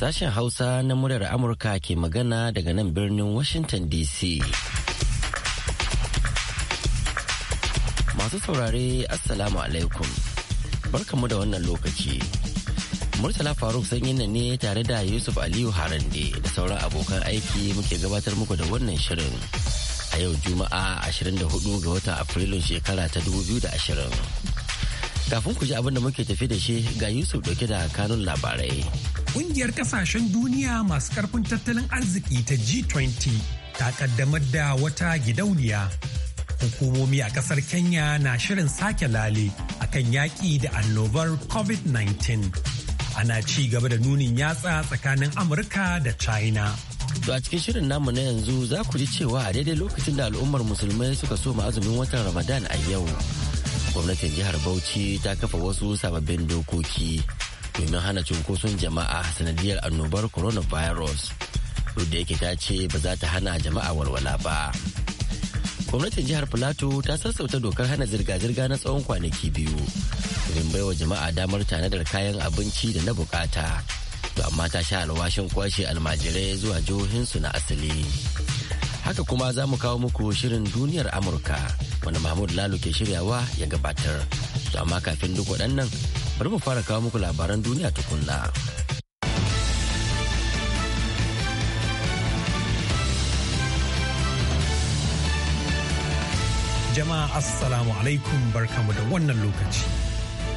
Sashen Hausa na murar Amurka ke magana daga nan birnin Washington DC. Masu saurare Assalamu alaikum. Barkamu da wannan lokaci. Murtala Faruk sanyin na ne tare da Yusuf Aliyu Harande da sauran abokan aiki muke gabatar muku da wannan shirin. A yau Juma'a 24 ga watan Afrilun shekara ta 2020. Kafin ku ji abin da muke tafi da shi ga Yusuf dauke da kanun labarai. Kungiyar kasashen duniya masu karfin tattalin arziki ta G20 ta kaddamar da wata gidauniya. Hukumomi a kasar Kenya na shirin sake lale akan yaƙi da annobar COVID-19. Ana ci gaba da nunin yatsa tsakanin Amurka da China. To a cikin shirin namu na yanzu za ku ji cewa a daidai lokacin da al'ummar musulmai suka soma azumin watan Ramadan a yau. Gwamnatin jihar Bauchi ta kafa wasu sababbin dokoki. domin hana cunkoson jama'a sanadiyar annobar coronavirus duk da yake ta ce ba za ta hana jama'a walwala ba gwamnatin jihar filato ta sassauta dokar hana zirga-zirga na tsawon kwanaki biyu domin baiwa jama'a damar tanadar kayan abinci da na bukata to amma ta sha alwashin kwashe almajirai zuwa jihohinsu na asali haka kuma za mu kawo muku shirin duniyar amurka wanda mahmud lalo ke shiryawa ya gabatar to amma kafin duk waɗannan bari mu fara kawo muku labaran duniya tukunna. Jama'a Assalamu alaikum barkamu da wannan lokaci.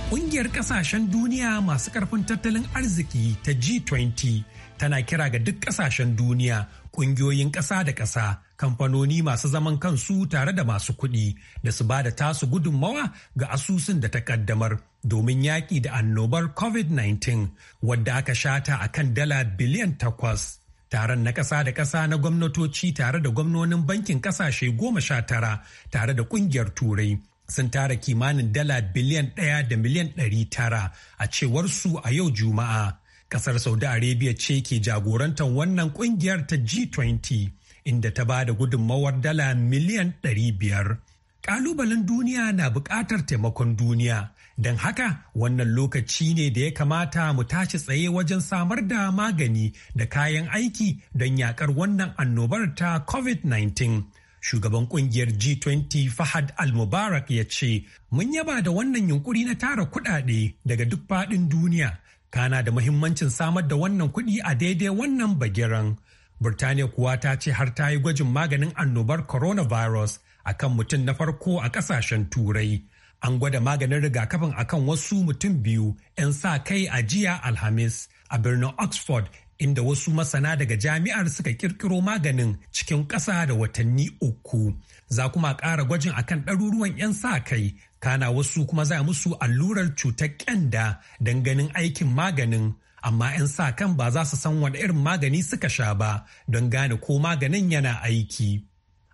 Ƙungiyar ƙasashen duniya masu ƙarfin tattalin arziki ta G20 tana kira ga duk ƙasashen duniya ƙungiyoyin ƙasa da ƙasa kamfanoni masu zaman kansu tare da masu kuɗi da su ba da tasu gudunmawa ga asusun da ta ƙaddamar domin yaƙi da annobar covid-19 wadda aka shata a kan dala biliyan takwas. Taron na ƙasa da ƙasa na gwamnatoci tare da gwamnonin bankin ƙasashe goma sha tara tare da ƙungiyar Turai sun tara kimanin dala biliyan ɗaya da miliyan ɗari tara a cewar su a yau Juma'a. Kasar Saudi Arabia ce ke jagorantar wannan kungiyar ta G20 inda ta ba da gudunmawar dala miliyan 500. Kalubalen duniya na buƙatar taimakon duniya, don haka wannan lokaci ne da ya kamata mu tashi tsaye wajen samar da magani da kayan aiki don yakar wannan annobar ta COVID-19. shugaban kungiyar G20 Fahad Al-Mubarak ya ce, "Mun yaba da wannan yunkuri na tara kudade daga duk faɗin duniya kana da mahimmancin samar da wannan kuɗi a daidai wannan bagiran. Birtaniya kuwa ta ce har ta yi gwajin maganin annobar coronavirus a kan mutum na farko a ƙasashen turai. An gwada maganin rigakafin a kan wasu mutum biyu 'yan sa kai a jiya Alhamis a birnin Oxford inda wasu masana daga jami'ar suka kirkiro maganin cikin ƙasa da watanni uku. Za kuma ƙara gwajin a kan ɗaruruwan 'yan sa kai kana wasu kuma za musu allurar cutar kyanda don ganin aikin maganin amma 'yan sa kan ba za su san wani irin magani suka sha ba don gane ko maganin yana aiki.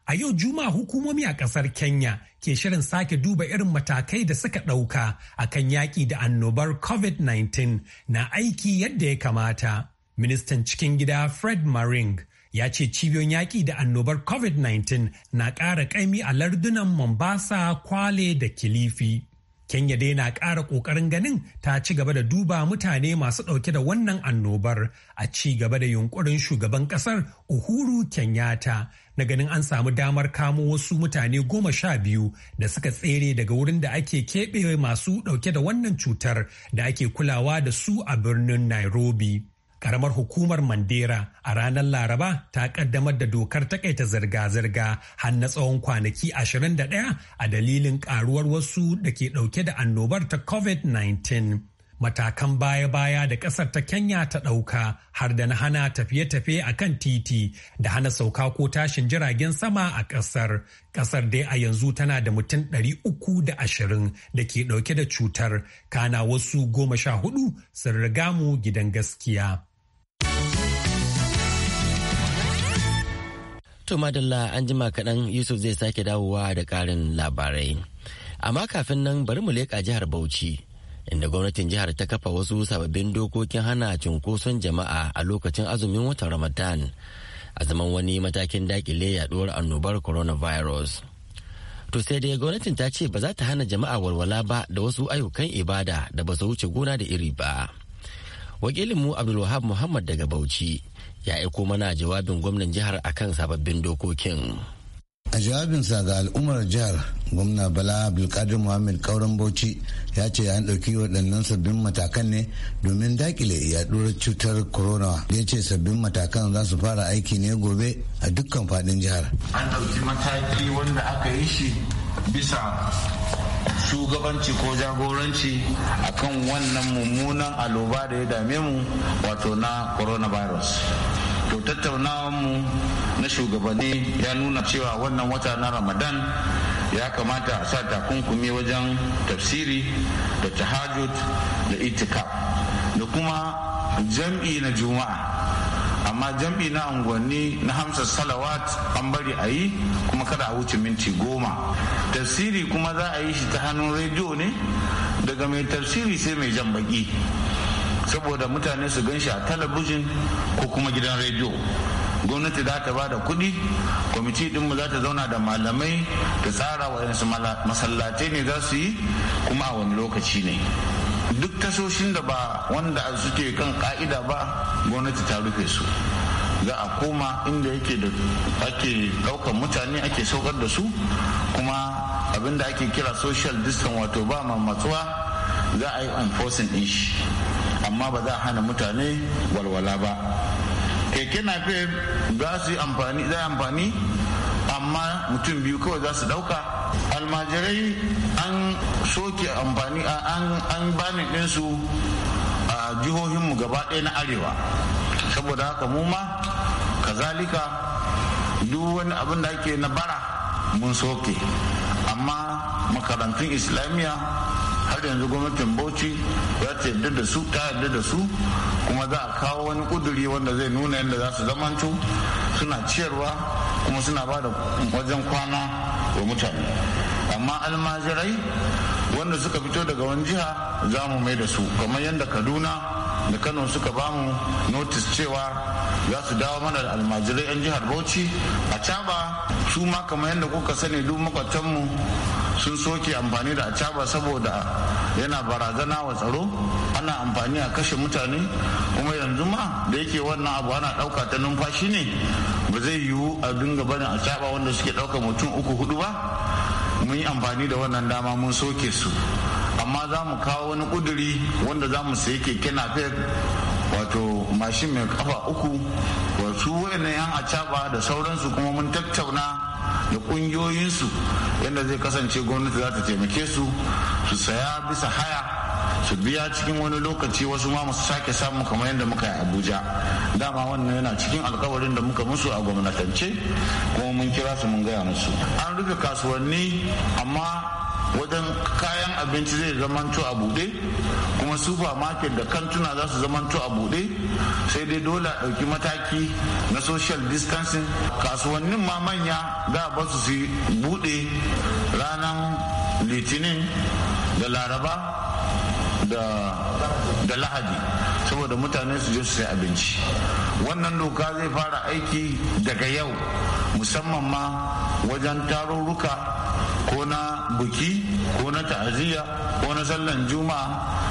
A yau juma hukumomi a kasar Kenya ke shirin sake duba irin matakai da suka ɗauka a kan yaƙi da annobar COVID-19 na aiki yadda ya kamata. Ministan cikin gida Fred Maring ya ce cibiyoyin yaƙi da annobar covid-19 na ƙara ƙaimi a lardunan mombasa kwale da kilifi kenya dai na ƙara ƙoƙarin ganin ta ci gaba da duba mutane masu ɗauke da wannan annobar a ci gaba da yunkurin shugaban ƙasar uhuru kenyatta na ganin an samu damar kamo wasu mutane goma sha biyu da suka tsere daga wurin da ake keɓe masu ɗauke da wannan cutar da ake kulawa da su a birnin nairobi karamar hukumar mandera a ranar laraba ta kaddamar da dokar takaita zirga-zirga har na tsawon kwanaki 21 a dalilin karuwar wasu da ke dauke da annobar ta covid-19 matakan baya-baya da kasar ta kenya ta dauka har da na hana tafiye-tafiye a kan titi da hana sauka ko tashin jiragen sama a kasar kasar dai a yanzu tana da mutum 320 da ke dauke da cutar kana wasu goma sha hudu sun riga mu gidan gaskiya To madalla an jima kaɗan Yusuf zai sake dawowa da ƙarin labarai. Amma kafin nan bari mu leƙa jihar Bauchi. Inda gwamnatin jihar ta kafa wasu sababbin dokokin hana cunkoson jama'a a lokacin azumin watan Ramadan. A zaman wani matakin dakile yaduwar annobar coronavirus. To sai dai gwamnatin ta ce ba za ta hana jama'a walwala ba da wasu ayyukan ibada da ba su wuce gona da iri ba. wakilinmu abdulwahab muhammad daga bauchi ya aiko mana jawabin gwamnan jihar akan sababbin dokokin a jawabinsa ga al'ummar jihar gwamna bala abdulkadir muhammad kauran bauchi ya ce an ɗauki waɗannan sabbin matakan ne domin dakile ɗora cutar corona ya ce sabbin matakan za su fara aiki ne gobe a dukkan faɗin jihar an ɗauki mataki wanda aka yi shi bisa shugabanci ko jagoranci a kan wannan mummunan aloba da ya dame mu wato na coronavirus to tattaunawar mu na shugabanni ya nuna cewa wannan wata na ramadan ya kamata a sa takunkumi wajen tafsiri da tahajud da itikaf da kuma jam'i na juma'a amma jam'i na unguwanni na hamsa salawat an bari a yi kuma kada a wuce minti goma tafsiri kuma za a yi shi ta hannun rediyo ne daga mai tafsiri sai mai jan baki saboda mutane su gan shi a talabijin ko kuma gidan rediyo gwamnati za ta ba da kuɗi kwamiti ɗinmu za ta zauna da malamai da tsara waɗansu masallatai ne za su yi kuma a wani lokaci ne duk tashoshin da ba wanda suke kan ka'ida ba gwamnati ta rufe su za a koma inda yake da ake daukan mutane ake saukar da su kuma abinda ake kira social distance wato ba mamatsuwa za a yi enforcing din amma ba za a hana mutane walwala ba keke na za su yi amfani amma mutum biyu kawai za su dauka almajirai an soke amfani an bani ɗinsu a jihohinmu gaba ɗaya na arewa saboda haka mu ma kazalika duk wani abin da ake na bara mun soke amma makarantun islamiyya har yanzu gwamnatin bauchi za ce da su ta yarda da su kuma za a kawo wani kuduri wanda zai nuna yadda za su zamanto suna ciyarwa kuma suna ba da wajen kwana wa mutane amma almajirai wanda suka fito daga wani jiha za mu mai da su kamar yadda kaduna da kano suka bamu notis cewa za su dawo mana da almajirai 'yan jihar bauchi a caba su ma kamar yadda kuka sani duk makwatanmu sun soke amfani da acaba saboda yana barazana wa tsaro ana amfani a kashe mutane kuma yanzu ma da yake wannan abu ana ɗauka ta numfashi ne ba zai yiwu a dinga barin acaba wanda suke ɗauka mutum uku hudu ba mun yi amfani da wannan dama mun soke su amma za mu kawo wani ƙuduri wanda za mu sayi keke napep wato mashin mai kafa uku wasu wayannan yan acaba da sauransu kuma mun tattauna da kungiyoyinsu yadda zai kasance gwamnati za ta taimake su su saya bisa haya su biya cikin wani lokaci wasu ma musu sake samu kamar yadda muka yi abuja dama wannan yana cikin alkawarin da muka musu a gwamnatance kuma mun kira su mun gaya musu an rufe kasuwanni amma wajen kayan abinci zai zamanto a bude kuma supermarket da kantuna za su zamanto a bude sai dai dole a ɗauki mataki na social distancing kasuwannin ma manya za ba basu su bude ranar litinin da laraba da lahadi saboda mutane su je su sai abinci wannan doka zai fara aiki daga yau musamman ma wajen tarurruka ko na buki ko na ta'aziyya ko na sallan juma'a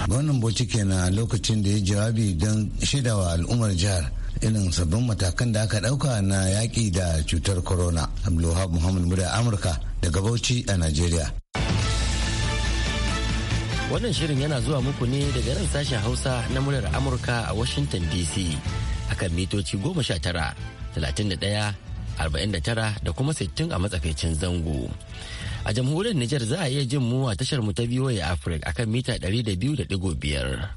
wannan bauchi kenan lokacin da ya jawabi don shaidawa al'ummar jihar irin sabbin matakan da aka dauka na yaƙi da cutar corona abdulwahab muhammad murya amurka daga bauchi a nigeria wannan shirin yana zuwa muku ne daga nan sashen hausa na muryar amurka a washington dc akan mitoci goma 19 31 49 da kuma 60 a matsakaicin zango A jamhuriyar Nijar za a iya jin mu a tashar mu ta VOA Africa akan mita biyar.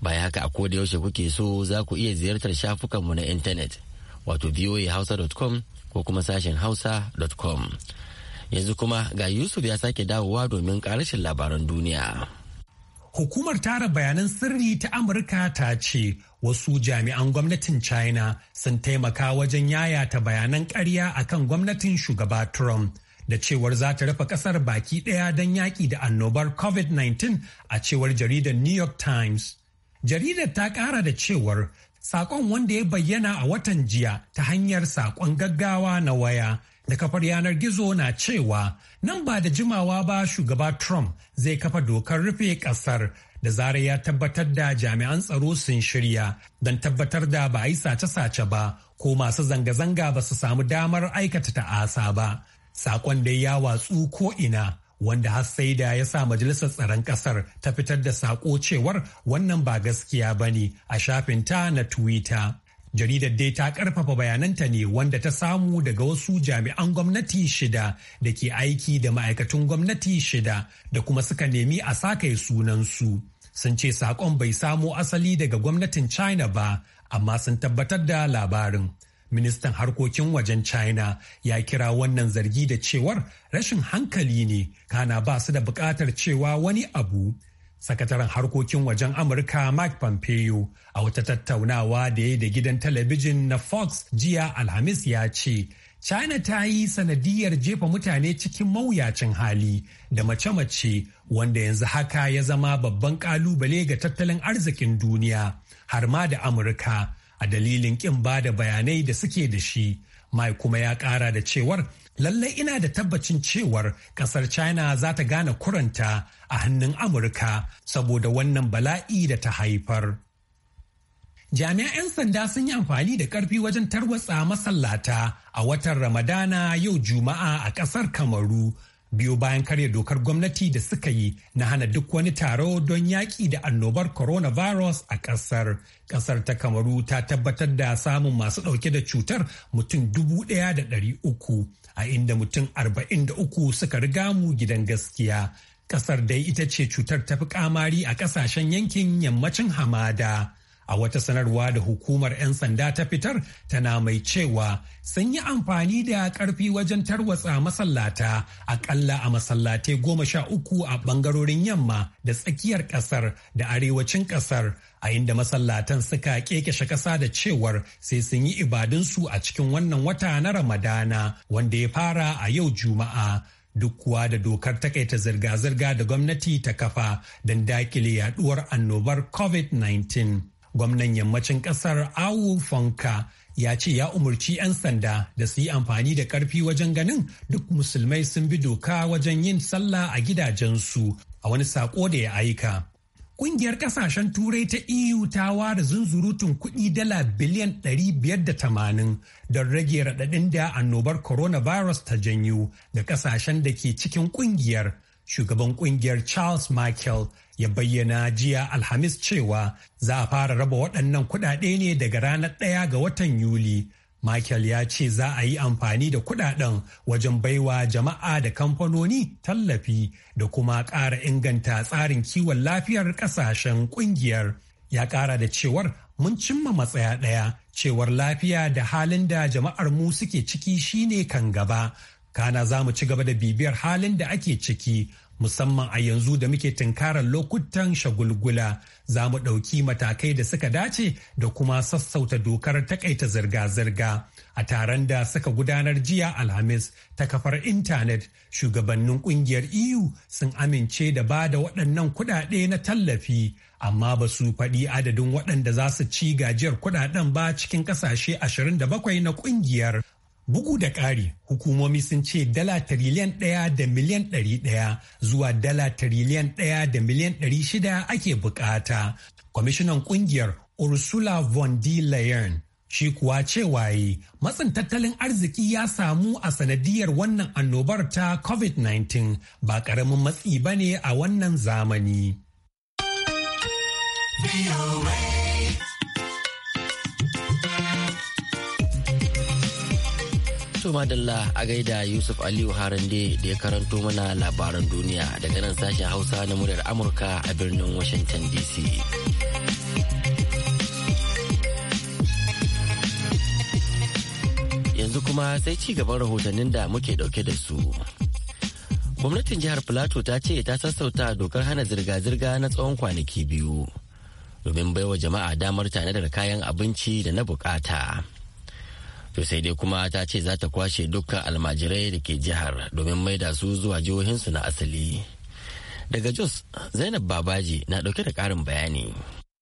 Baya haka a koda yaushe kuke so za ku iya ziyartar shafukanmu na intanet wato voahausa.com ko kuma sashen hausa.com. Yanzu kuma ga Yusuf ya sake dawowa domin karashin labaran duniya. Hukumar tara bayanan sirri ta Amurka ta ce wasu jami'an gwamnatin China sun taimaka wajen yayata bayanan ƙarya akan gwamnatin shugaba Trump. da cewar za ta rufe kasar baki ɗaya don yaƙi da annobar COVID-19 a cewar jaridar New York Times. Jaridar ta ƙara da cewar saƙon wanda ya bayyana a watan jiya ta hanyar saƙon gaggawa na waya da kafar yanar gizo na cewa nan ba da jimawa ba shugaba Trump zai kafa dokar rufe ƙasar da zarar ya tabbatar da jami'an tsaro sun shirya don tabbatar da ba a yi sace-sace ba ko masu zanga-zanga ba su samu damar aikata ta'asa ba. Sakon dai ya watsu ko ina wanda har sai da ya sa majalisar tsaron ƙasar ta fitar da sako cewar wannan ba gaskiya ba ne a ta na Twitter. Jaridar dai ta karfafa bayananta ne wanda ta samu daga wasu jami'an gwamnati shida da ke aiki da ma'aikatun gwamnati shida da kuma suka nemi a sakai sunansu. Sun ce saƙon bai samo asali daga gwamnatin China ba, amma sun tabbatar da labarin. ministan harkokin wajen china ya kira wannan zargi da cewar rashin hankali ne kana ba su da bukatar cewa wani abu sakataren harkokin wajen amurka mike pompeo a wata tattaunawa da ya da gidan talabijin na fox jiya alhamis ya ce china ta yi sanadiyar jefa mutane cikin mawuyacin hali da mace-mace wanda yanzu haka ya zama babban kalubale ga tattalin arzikin duniya har ma da amurka a dalilin kin ba da bayanai da suke da shi mai kuma ya kara da cewar lallai ina da tabbacin cewar kasar china za ta gane kuranta a hannun amurka saboda wannan bala'i da ta haifar jami'an 'yan sanda sun yi amfani da karfi wajen tarwatsa masallata a watan ramadana yau juma'a a ƙasar kamaru biyo bayan karya dokar gwamnati da suka yi na hana duk wani taro don yaƙi da annobar coronavirus a ƙasar. Ƙasar ta Kamaru ta tabbatar da samun masu ɗauke da cutar mutum dubu ɗaya da ɗari uku, a inda mutum arba'in da uku suka riga mu gidan gaskiya. Ƙasar dai ita ce cutar tafi ƙamari a ƙasashen yankin yammacin hamada. A wata sanarwa da hukumar 'yan sanda ta fitar tana mai cewa sun yi amfani da karfi wajen tarwatsa masallata ƙalla a masallatai goma sha uku a bangarorin yamma da tsakiyar ƙasar da arewacin ƙasar a inda masallatan suka kekeshe ƙasa da cewar sai sun yi ibadunsu a cikin wannan wata na Ramadana wanda ya fara a yau Juma'a. duk kuwa da dokar takaita zirga-zirga da gwamnati ta kafa don dakile yaduwar annobar covid-19 gwamnan yammacin kasar awu Fanka ya ce ya umarci 'yan sanda da su yi amfani da karfi wajen ganin duk musulmai sun bi doka wajen yin sallah a gidajensu a wani sako da ya aika Ƙungiyar kasashen turai ta EU ta ware zunzurutun kuɗi dala biliyan 580 don rage raɗaɗin da annobar coronavirus ta janyo da kasashen da ke cikin ƙungiyar. shugaban kungiyar Charles Michael ya bayyana jiya Alhamis cewa za a fara raba waɗannan kuɗaɗe ne daga ranar ɗaya ga watan Yuli. Michael ya ce za a yi amfani da kuɗaɗen wajen baiwa jama'a da kamfanoni tallafi da kuma ƙara inganta tsarin kiwon lafiyar ƙasashen ƙungiyar. Ya ƙara da cewar mun cimma matsaya ɗaya cewar lafiya da halin da jama'ar mu suke ciki shine kan gaba kana za mu ci gaba da bibiyar halin da ake ciki musamman a yanzu da muke tunkarar lokutan shagulgula za mu ɗauki matakai da suka dace da kuma sassauta dokar takaita zirga-zirga a taron da suka gudanar jiya alhamis ta kafar intanet shugabannin kungiyar eu sun amince da ba da waɗannan kuɗaɗe na tallafi amma ba su faɗi adadin waɗanda za su ci gajiyar kuɗaɗen ba cikin ƙasashe 27 na ƙungiyar Bugu da ƙari, hukumomi sun ce dala tiriliyan ɗaya da miliyan ɗari ɗaya zuwa dala tiriliyan ɗaya da miliyan ɗari shida ake bukata. Kwamishinan ƙungiyar Ursula von der Leyen shi kuwa cewa yi matsin tattalin arziki ya samu a sanadiyar wannan annobar ta COVID-19 ba ƙaramin matsi ba ne a wannan zamani. To madalla a gaida Yusuf Aliyu Harande da ya karanto mana labaran duniya daga nan sashen Hausa na muryar Amurka a birnin Washington DC. Yanzu kuma sai ci gaban rahotannin da muke dauke da su. Gwamnatin jihar Filato ta ce ta sassauta dokar hana zirga-zirga na tsawon kwanaki biyu domin baiwa jama'a damar tanadar kayan abinci da na bukata. to sai dai kuma ta ce za ta kwashe dukkan almajirai da ke jihar domin maida su zuwa jihohinsu na asali daga jos zainab babaji na dauke da karin bayani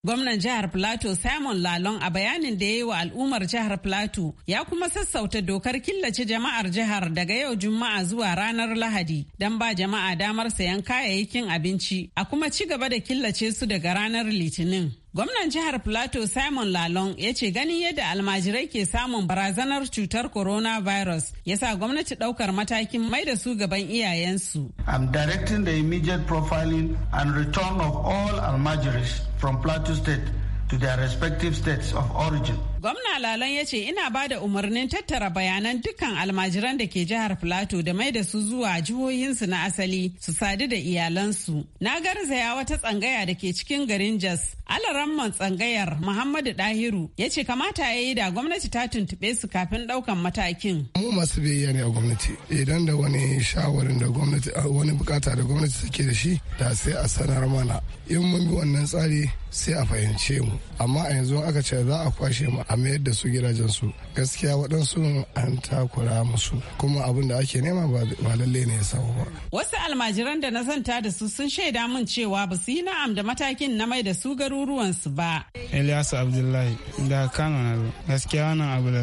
Gwamnan jihar Plateau Simon Lalon a bayanin da ya yi wa al'ummar jihar Plateau ya kuma sassauta dokar killace jama'ar jihar daga yau Juma'a zuwa ranar Lahadi don ba jama'a damar sayan kayayyakin abinci a kuma ci gaba da killace su daga ranar Litinin. Gwamnan jihar Plateau Simon Lalong ya ce ganin yadda almajirai ke samun barazanar cutar coronavirus ya sa gwamnati daukar matakin mai da su gaban iyayensu. I'm directing the immediate profiling and return of all almajiris from Plateau State to their respective states of origin. Gwamna Lalan ya ce ina ba da umarnin tattara bayanan dukkan almajiran da ke jihar Filato da mai da su zuwa jihohinsu na asali su sadu da iyalansu. Na garzaya wata tsangaya da ke cikin garin Jos. Alaramman tsangayar Muhammadu Dahiru ya ce kamata ya yi da gwamnati ta tuntuɓe su kafin ɗaukan matakin. Mu masu biyayya ne a gwamnati. Idan da wani shawarin da gwamnati wani bukata da gwamnati take da shi da sai a sanar mana. In mun bi wannan tsari sai a fahimce mu. amma a yanzu aka ce za a kwashe mu a mayar da su gidajensu gaskiya waɗansu an takura musu kuma abin da ake nema ba lalle ne ya samu ba. Wasu almajiran da na zanta da su sun shaida mun cewa ba su yi na'am da matakin na mai da su garuruwansu ba. Ilyasu Abdullahi da Kano na gaskiya wannan abu da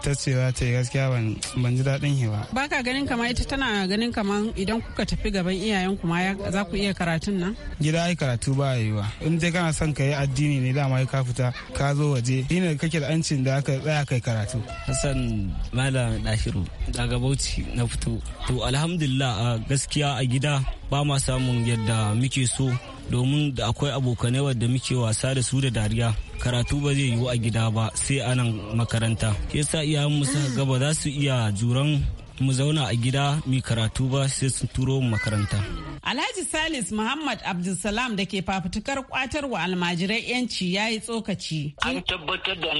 ta cewa ta yi gaskiya ban ban ji daɗin hewa. Ba ka ganin kama ita tana ganin kama idan kuka tafi gaban iyayen kuma za ku iya karatun nan? Gida ai karatu ba yi wa. In dai kana son ka yi addini ne dama ka fita ka zo waje. Ni ne kake da ancin da aka tsaya kai karatu. Hassan Malam Dashiru daga Bauchi na fito. To alhamdulillah gaskiya a gida ba ma samun yadda muke so domin da akwai abokanai wadda muke wasa da su da dariya karatu ba zai yiwu a gida ba sai a nan makaranta yasa iyayenmu suka ga ba za su iya juran mu zauna a gida mai karatu ba sai sun turo mu makaranta. Alhaji Salis Muhammad Abdulsalam da ke fafutukar wa almajirai yanci ya yi tsokaci. An tabbatar da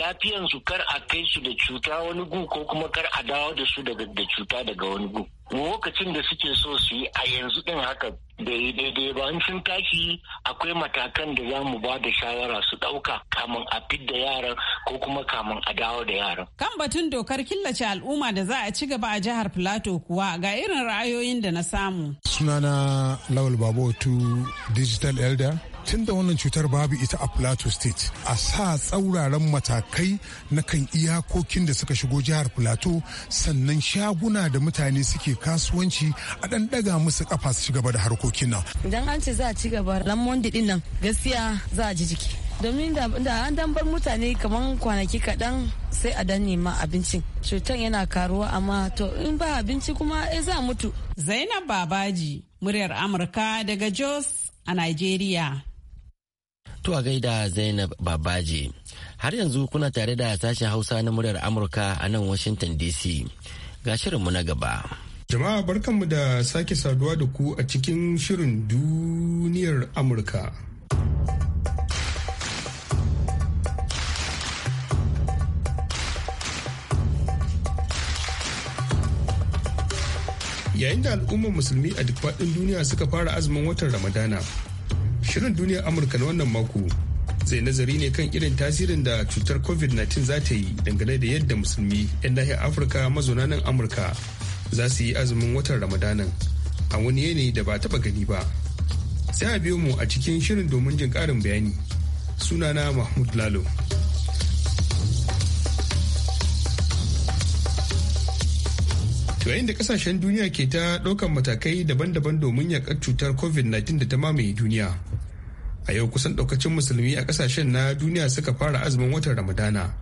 su kar a kai su da cuta wani gu ko kuma kar a dawo da su daga da cuta daga wani gu. lokacin da suke so su yi a yanzu ɗin haka daidai ba in sun tashi akwai matakan da za mu ba da shawara su ɗauka kamun a fidda yaran ko kuma kamun a dawo da yaran. Kan batun dokar killace al'umma da za a ci gaba a jihar Filato kuwa ga irin ra'ayoyin da na samu. Sunana Lawal Babotu Digital Elder tun da wannan cutar babu ita a plateau state a sa tsauraran matakai na kan iyakokin da suka shigo jihar plateau sannan shaguna da mutane suke kasuwanci a dan daga musu kafa su ci gaba da harkokin nan idan an ce za a ci gaba lamon didin nan gaskiya za a ji jiki domin da an dan bar mutane kamar kwanaki kaɗan sai a dan nema abincin cutar yana karuwa amma to in ba abinci kuma e za mutu zainab babaji muryar amurka daga jos a nigeria To a gaida Zainab Babaji. Har yanzu kuna tare da sashen Hausa na muryar Amurka a nan Washington DC. Ga shirinmu na gaba. Jama'a barkanmu da sake saduwa da ku a cikin shirin duniyar Amurka. Yayin da al'ummar musulmi a duk faɗin duniya suka fara azumin watan Ramadana. Shirin duniyar Amurka na wannan mako zai nazari ne kan irin tasirin da cutar COVID-19 za ta yi dangane da yadda musulmi 'yan nahiyar Afirka mazauna nan Amurka za su yi azumin watan Ramadanan a wani yanayi da ba taba gani ba. Sai a biyo mu a cikin shirin domin jin karin bayani. Sunana Mahmud Lalo. yayin da kasashen duniya ke ta ɗaukar matakai daban-daban domin yakar cutar covid-19 da ta mamaye duniya a yau kusan daukacin musulmi a kasashen na duniya suka fara azumin watan ramadana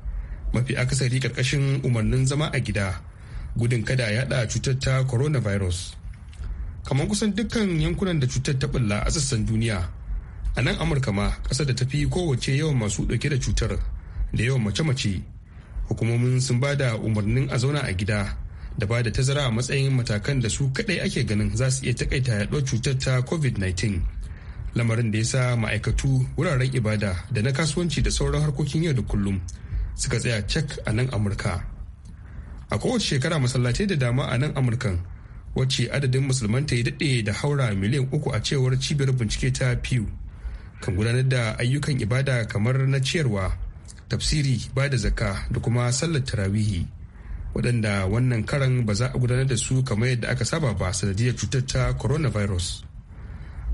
mafi akasari karkashin umarnin zama a gida gudun kada ya da cutar ta coronavirus kamar kusan dukkan yankunan da cutar ta bulla a sassan duniya a nan amurka ma kasar da tafi kowace yawan masu dauke da cutar da yawan mace-mace hukumomin sun ba da umarnin a zauna a gida da ba da tazara a matsayin matakan da su kadai ake ganin za su iya takaita yaduwar cutar ta covid-19 lamarin da ya sa ma'aikatu wuraren ibada da na kasuwanci da sauran harkokin yau da kullum suka tsaya cek a nan amurka a kowace shekara masallatai da dama a nan amurkan wacce adadin musulman ta yi daɗe da haura miliyan uku a cewar cibiyar bincike ta pew kan gudanar da ayyukan ibada kamar na ciyarwa tafsiri ba da zaka da kuma sallar tarawihi waɗanda wannan karan ba za a gudanar da su kamar yadda aka saba ba sanadiyar cutar ta coronavirus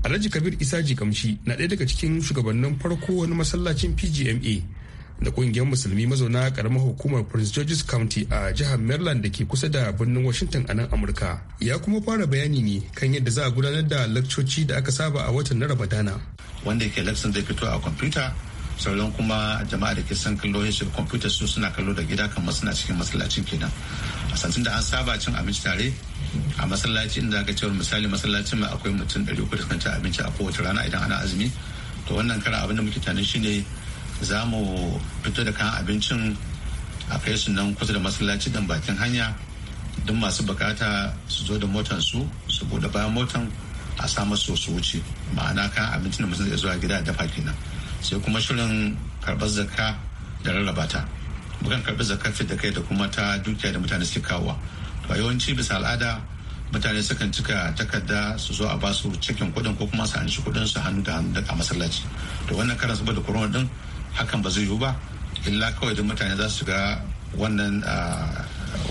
Alhaji Kabir Isa Jikamshi na ɗaya daga cikin shugabannin farko wani masallacin PGMA da ƙungiyar musulmi mazauna karamar hukumar Prince George's County a jihar Maryland da ke kusa da birnin Washington a nan Amurka. Ya kuma fara bayani ne kan yadda za a gudanar da lakcoci da aka saba a watan na Ramadana. Wanda yake lakcin zai fito a kwamfuta sauran kuma jama'a da ke son kallo ya kwamfuta su suna kallo da gida kamar suna cikin masallacin kenan a santin da an saba cin abinci tare a masallaci inda aka cewa misali masallacin mai akwai mutum ɗari uku da kan ci abinci a kowace rana idan ana azumi to wannan kara abin da muke tani shine za mu fito da kan abincin a kai su nan kusa da masallaci dan bakin hanya duk masu bukata su zo da motan su su bude bayan motan a sa masu su wuce ma'ana kan abincin da mutum zai zuwa gida dafa kenan sai kuma shirin karɓar zakka da rarraba ta bukan karɓar zakka fit da kai da kuma ta dukiya da mutane suke kawowa to a yawanci bisa al'ada mutane sukan cika takarda su zo a basu cikin kuɗin ko kuma su hanci kuɗin su hannu da hannu a masallaci to wannan karan saboda corona din hakan ba zai yiwu ba illa kawai da mutane za su ga wannan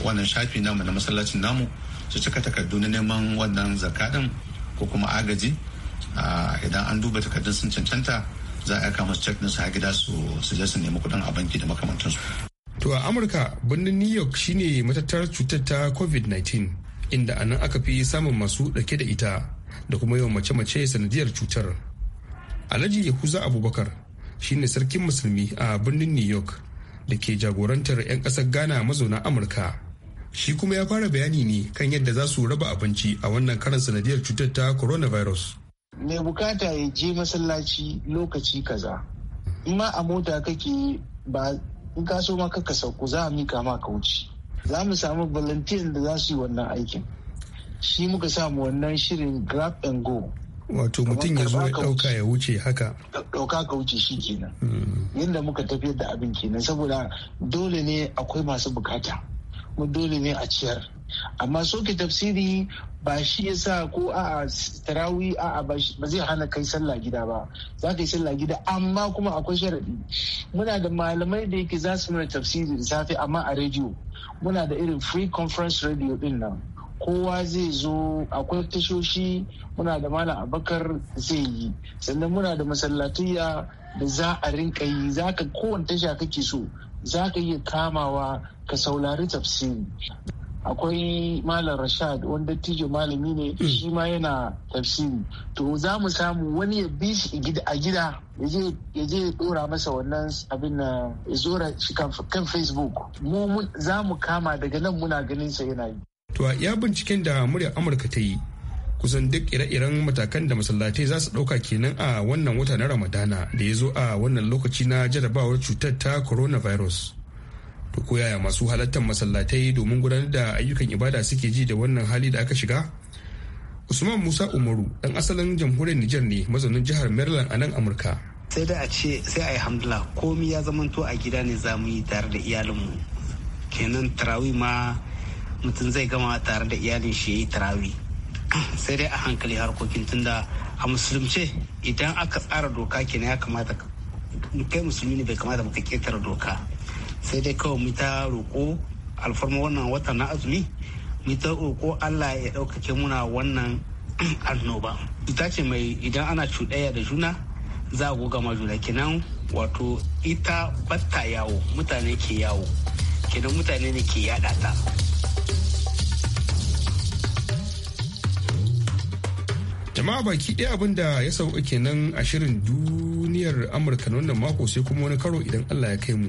wannan shafi namu na masallacin namu su cika takardu na neman wannan zakka din ko kuma agaji idan an duba takardun sun cancanta za a kama musu cek ɗinsu har gida su suje su nemi kuɗin a banki da makamantansu. To a Amurka birnin New York shine matattar cutar ta COVID-19 inda a nan aka fi samun masu ɗauke da ita da kuma yawan mace-mace sanadiyar cutar. Alhaji Yahuza Abubakar shine sarkin musulmi a birnin New York da ke jagorantar 'yan kasar Ghana mazauna Amurka. Shi kuma ya fara bayani ne kan yadda za su raba abinci a wannan karan sanadiyar cutar ta coronavirus. mai bukata ya je masallaci lokaci kaza in ma a mota kake ba in ka so ma ka sauko za a mika ma wuce. za mu samu volunteer da za su yi wannan aikin shi muka samu wannan shirin grab and go wato mutum ya zo ya dauka ya wuce haka dauka ka wuce shi kenan hmm. yadda muka tafiyar da abin kenan saboda dole ne akwai masu bukata mu dole ne a ciyar amma soke tafsiri ba shi ya sa ko a tarawi a ba zai hana kai sallah gida ba za ka yi sallah gida amma kuma akwai sharaɗi muna da malamai da yake za su mana tafsiri da safe amma a rediyo muna da irin free conference radio din nan kowa zai zo akwai tashoshi muna da malam abakar zai yi sannan muna da masallatuya da za a rinka yi za ka kowane tasha kake so za ka iya kamawa ka saurari tafsiri akwai malam rashad wanda tijo malami ne hmm. shi ma yana tafsiri to za mu samu wani ya bi shi a gida ya je ya dora masa wannan abin na ya zora shi kan facebook mu za mu kama daga nan muna ganin sa yana yi to a iya binciken da muryar amurka ta yi kusan duk ire-iren matakan da masallatai za su ɗauka kenan a wannan wata na ramadana da ya zo a wannan lokaci na jarabawar cutar ta coronavirus to koyaya masu halartar masallatai domin gudanar da ayyukan ibada suke ji da wannan hali da aka shiga usman musa umaru dan asalin jamhuriyar niger ne mazaunin jihar maryland a nan amurka sai da a ce sai a yi hamdala komi ya zamanto a gida ne za mu yi tare da iyalinmu kenan tarawi ma mutum zai gama tare da iyalin shi ya yi tarawi sai dai a hankali harkokin tunda a musulunce idan aka tsara doka kenan ya kamata kai musulmi ne bai kamata mu ka ketare doka sai dai kawai mu ta roƙo alfarma wannan wata na azumi mu ta roƙo allah ya ɗaukake muna wannan annoba ita ce mai idan ana cuɗaya da juna za a goga ma juna kenan wato ita batta yawo mutane ke yawo kenan mutane ne ke yaɗa ta jama'a baki ɗaya abin da ya sauka kenan a shirin duniyar amurka na wannan mako sai kuma wani karo idan allah ya kai mu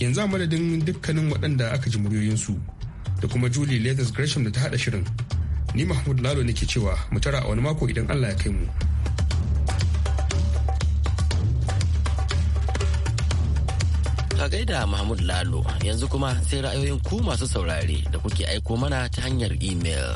yanzu a madadin dukkanin waɗanda aka ji muryoyinsu da kuma julie leathers gresham da ta haɗa shirin ni mahmud lalo nake cewa mu tara a wani mako idan allah ya kai mu ka gaida mahmud lalo yanzu kuma sai ra'ayoyin ku masu saurare da kuke aiko mana ta hanyar imel.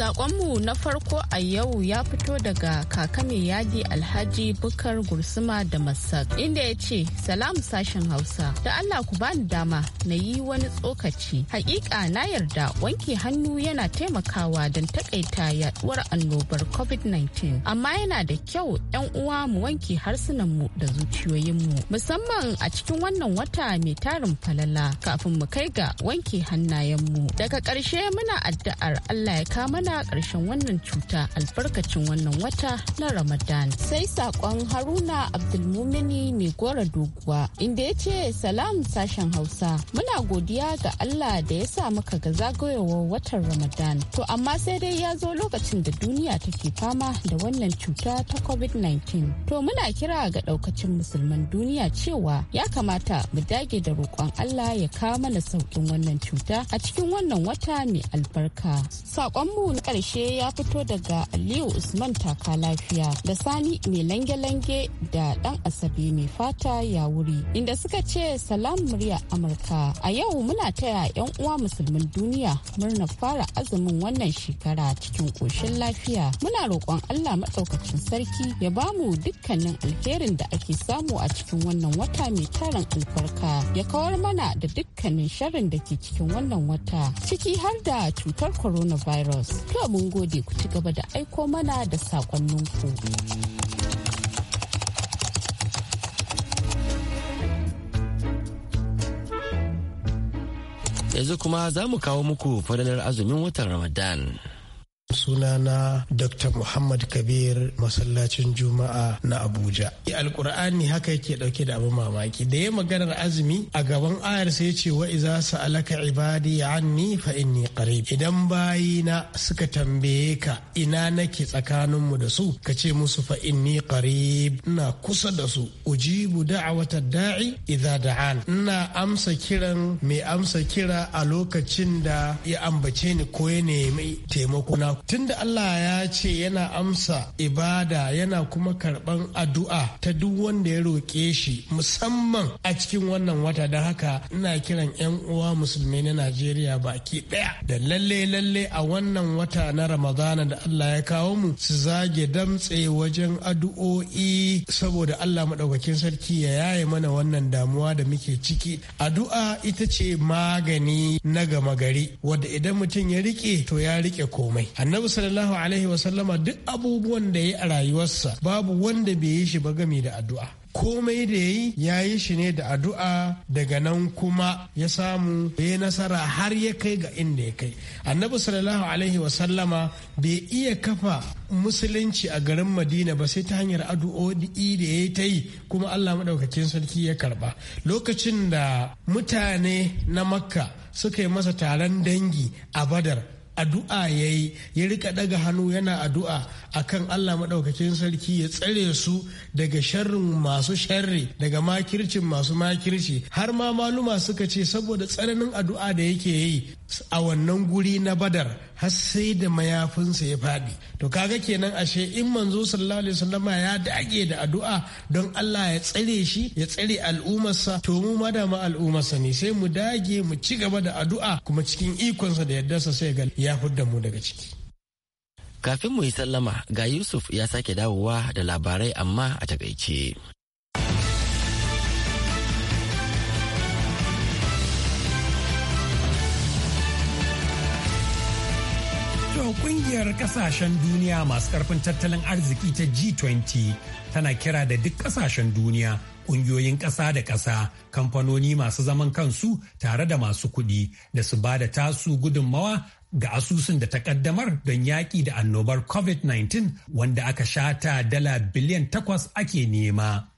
Sakonmu na farko a yau ya fito daga kakame yadi alhaji bukar gursuma da masak inda ya ce salam sashen hausa da Allah ku bani dama na yi wani tsokaci. Hakika na yarda wanke hannu yana taimakawa don takaita yaduwar annobar COVID-19 amma yana da kyau 'yan uwa mu wanke harsunanmu da zuciyoyinmu musamman a cikin wannan wata mai tarin falala kafin mu kai ga wanke hannayenmu. Daga ƙarshe muna addu'ar Allah ya kama mana ƙarshen wannan cuta albarkacin wannan wata na Ramadan. Sai saƙon Haruna Abdulmumini ne gora doguwa inda ya ce salam sashen Hausa muna godiya ga Allah da ya sa muka ga zagayowar watan Ramadan. To amma sai dai ya zo lokacin da duniya take fama da wannan cuta ta COVID-19. To muna kira ga ɗaukacin musulman duniya cewa ya kamata mu dage da roƙon Allah ya kawo mana sauƙin wannan cuta a cikin wannan wata mai albarka. Saƙonmu karshe ya fito daga aliyu usman taka lafiya da sani mai lange-lange da dan asabe mai fata ya wuri inda suka ce salam murya amurka a yau muna taya 'yan uwa musulmin duniya murnar fara azumin wannan shekara cikin koshin lafiya muna roƙon allah matsaukacin sarki ya bamu dukkanin alherin da ake samu a cikin wannan wata mai tarin alfarka ya kawar mana da dukkanin sharrin da ke cikin wannan wata ciki har da cutar coronavirus To mun gode ku ci gaba da aiko mana da ku Yanzu kuma za mu kawo muku fadalar azumin watan Ramadan. sunana dr muhammad kabir masallacin juma'a na abuja alkur'ani haka yake dauke da abin mamaki da ya maganar azumi a gaban ayar sai ce wa iza sa'alaka ibadi anni fa inni qarib idan bayina suka tambaye ka ina nake tsakanin mu da su ka ce musu fa inni qarib ina kusa da su ujibu da'wata da'i idza da'an ina amsa kiran mai amsa kira a lokacin da ya ambace ni ko ya nemi taimako na tunda Allah ya ce yana amsa ibada yana kuma karban addu'a ta duk wanda ya roƙe shi musamman a cikin wannan wata don haka ina kiran 'yan uwa musulmi na Najeriya baki ɗaya da lalle lalle a wannan wata na Ramadana da Allah ya kawo mu su zage damtse wajen addu'o'i saboda Allah maɗaukakin sarki ya yaye mana wannan damuwa da muke ciki addu'a ita ce magani na gama gari wadda idan mutum ya rike to ya rike komai annabi sallallahu alaihi wasallama duk abubuwan da ya yi a rayuwarsa babu wanda bai yi shi ba gami da addu'a komai da yi ya yi shi ne da addu'a daga nan kuma ya samu ya nasara har ya kai ga inda ya kai annabi sallallahu alaihi wasallama bai iya kafa musulunci a garin madina ba sai ta hanyar addu'o'i da ya ta yi kuma allah maɗaukakin sarki ya karba lokacin da mutane na makka suka yi masa taron dangi a badar addu'a ya yi ya rika daga hannu yana addu'a kan Allah maɗaukakin sarki ya tsare su daga sharrin masu sharri daga makircin masu makirci har ma maluma suka ce saboda tsananin addu'a da yake yi a wannan guri na badar har sai da mayafinsa ya faɗi to kaga kenan ashe in manzo sallallahu alaihi wasallam ya dage da addu'a don Allah ya tsare shi ya tsare al'ummarsa to mu ma da ma al'ummarsa ne sai mu dage mu ci gaba da addu'a kuma cikin ikonsa da yardarsa sai ga ya fudda mu daga ciki kafin mu yi sallama ga Yusuf ya sake dawowa da labarai amma a takaice kuma kungiyar kasashen duniya masu karfin tattalin arziki ta G20 tana kira da duk kasashen duniya ƙungiyoyin ƙasa da ƙasa kamfanoni masu zaman kansu tare da masu kuɗi da su ba da tasu gudunmawa ga asusun da ta ƙaddamar don yaƙi da annobar covid-19 wanda aka shata dala biliyan takwas ake nema.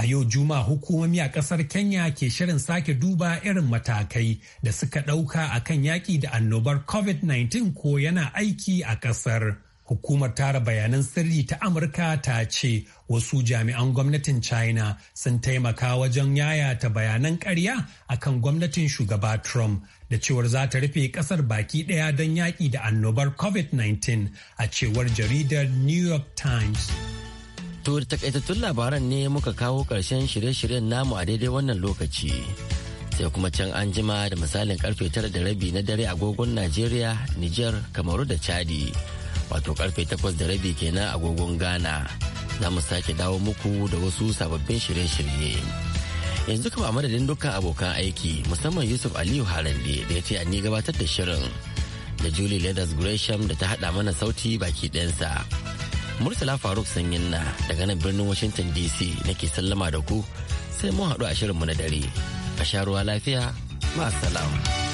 A yau juma hukumomi a kasar Kenya ke shirin sake duba irin matakai da suka ɗauka a kan yaƙi da annobar COVID-19 ko yana aiki a ƙasar. Hukumar tara bayanan sirri ta Amurka ta ce wasu jami'an gwamnatin China sun taimaka wajen yayata bayanan ƙarya a kan gwamnatin shugaba Trump da cewar za ta rufe ƙasar baki ɗaya don yaƙi da annobar COVID-19 a cewar jaridar New York Times. To da takaitattun labaran ne muka kawo ƙarshen shirye-shiryen namu a daidai wannan lokaci. Sai kuma can an jima da misalin karfe tara da rabi na dare agogon Najeriya, Nijar, Kamaru da Chadi. Wato karfe takwas da rabi kenan agogon Ghana. Za mu sake dawo muku da wasu sababbin shirye-shirye. Yanzu kama a madadin dukkan abokan aiki musamman Yusuf Aliyu Harande da ya ce ni gabatar da shirin da Julie Leathers Gresham da ta haɗa mana sauti baki ɗansa. Murtala Faruk Sanyin na daga nan birnin Washington DC nake sallama da ku sai mun haɗu a shirinmu na dare. A sha ruwa lafiya, ma'asalam.